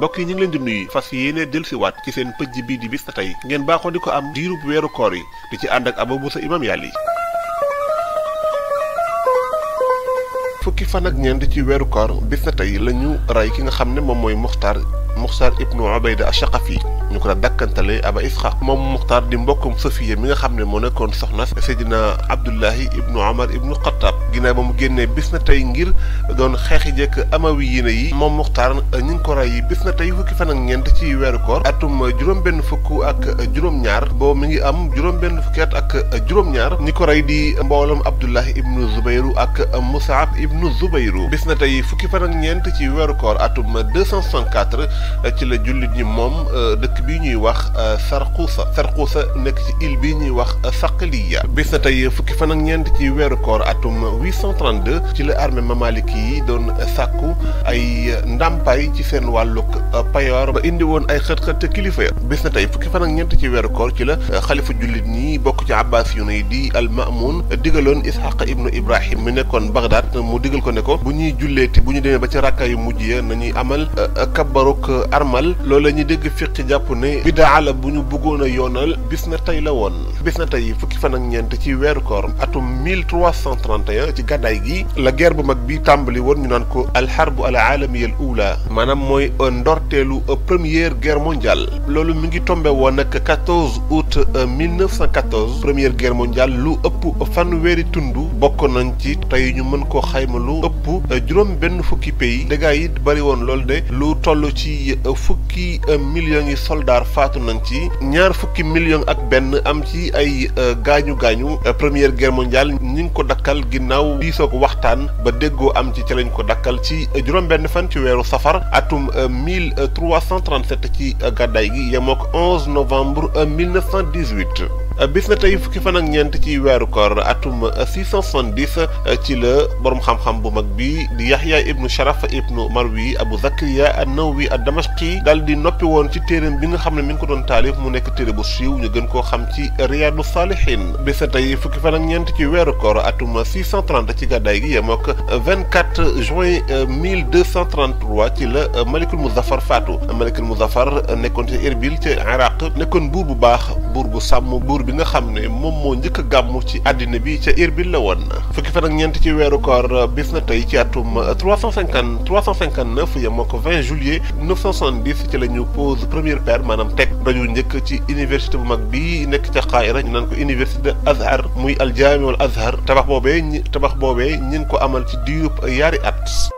bokk yi ñu ngi leen di nuyu fas yéene dellusiwaat ci seen pëj bii di bis na tey ngeen baaxoo di ko am diirub weeru koor yi di ci ànd ak Abou Moussa Imam Yalli fukki fan ak di ci weeru koor bis na tey la ñu rey ki nga xam ne moom mooy Muxtaar muxtaar ibnu ubayda ashaqafi ñu ko daan dakkantale aba isxaq moom muxtaar di mbokkum safiya mi nga xam ne moo nekkoon soxna seydina abdullahi ibnu omar ibnu xataab ginnaaw ba mu génnee bis na tey ngir doon xeexi jekk amawi yi ne yi moom muxtaar ñu ngi ko rey yi bis na tey fukki fan ngeent ñeent ci weeru koor atum juróom-benn fukk ak juróom-ñaar boobu mi ngi am juróom-benn fukki ak juróom-ñaar ñi ko rey di mboolam abdullahi ibnu zubayru ak musaab ibnu zubayru bis na tey fukki fan ak ci weeru koor atum 264 ci la jullit ñi moom euh, dëkk bi ñuy wax euh, Sarkuusa Sarkuusa nekk ci île bi ñuy wax saq euh, Saqaliya bis na tey fukki fan ak ñeent ci weeru koor atum 832 ci la armée mamaliki yi doon sàkku ay ndàmpaay ci seen wàllug payoor ba indi woon ay xët-xët kilifa ya bis na tey fukki fanak ak ñeent ci weeru koor ci la xalifa jullit ñi bokk ci abbas yu ne di al Maamun digaloon Ishaq ibnu Ibrahim mi nekkoon Bagdad mu digal ko ne ko bu ñuy julleeti bu ñu demee ba ci rakka yu mujj ya nañuy amal kabaruk armal loolu la ñuy dégg fiq jàpp ne bidaa la bu ñu bëggoon yoonal bis na tey la woon bis na tey fukki fan ak ñeent ci weeru koor atum 1331 ci gàddaay gi la guerre bu mag bi tàmbali woon ñu naan ko alxarbu al aalamiya al ula maanaam mooy ndorteelu première guerre mondiale loolu mi ngi tombe woon nag 14 août 1914 euh, première guerre mondiale lu ëpp weeri tund bokk nañ ci tey ñu mën koo xayma lu ëpp euh, juróom benn fukki pays dégâts yi bari woon de lu toll ci ci fukki eh, eh, millions yi soldats faatu nañ ci ñaar fukki millions ak benn am ci ay eh, gaañu gaañu première guerre mondiale ñi ko dakkal ginnaaw diisoo ko waxtaan ba déggoo am ci ca lañ ko dakkal ci juróom-benn fan ci weeru safar atum 1337 ci gàddaay gi yemoo ko 11 novembre 1918. bis na tey fukki fan ñeent ci weeru koor atum 670 ci la borom xam-xam bu mag bi di yaxya ibnu sharaf ibnu marwi abu zakariya an-nawawi ad-damashqi daal di noppi woon ci téeréem bi nga xam ne mi ngi ko doon taalif mu nekk téere bu siiw ñu gën koo xam ci riyaadu saalihin bis na tey fukki fan ñeent ci weeru koor atum 630 ci gàddaay gi yemook 24 juin 1233 ci la malikul muzaffar faatu malikul muzaffar nekkoon ci Irbil ci Iraq nekkoon buur bu baax buur bu sàmm buur bi nga xam ne moom moo njëkk a gàmmu ci àddina bi ca Irbil la woon fukki fan ñeent ci weeru koor bis na tey ci atum 350 359 yemoo ko 20 juillet 970 ci la ñu pose première pierre maanaam teg daju njëkk ci université bu mag bi nekk ca Xaayira ñu naan ko université Azhar muy aljaami wal Azhar tabax boobee ñi tabax boobee ñi ko amal ci diirub yaari at.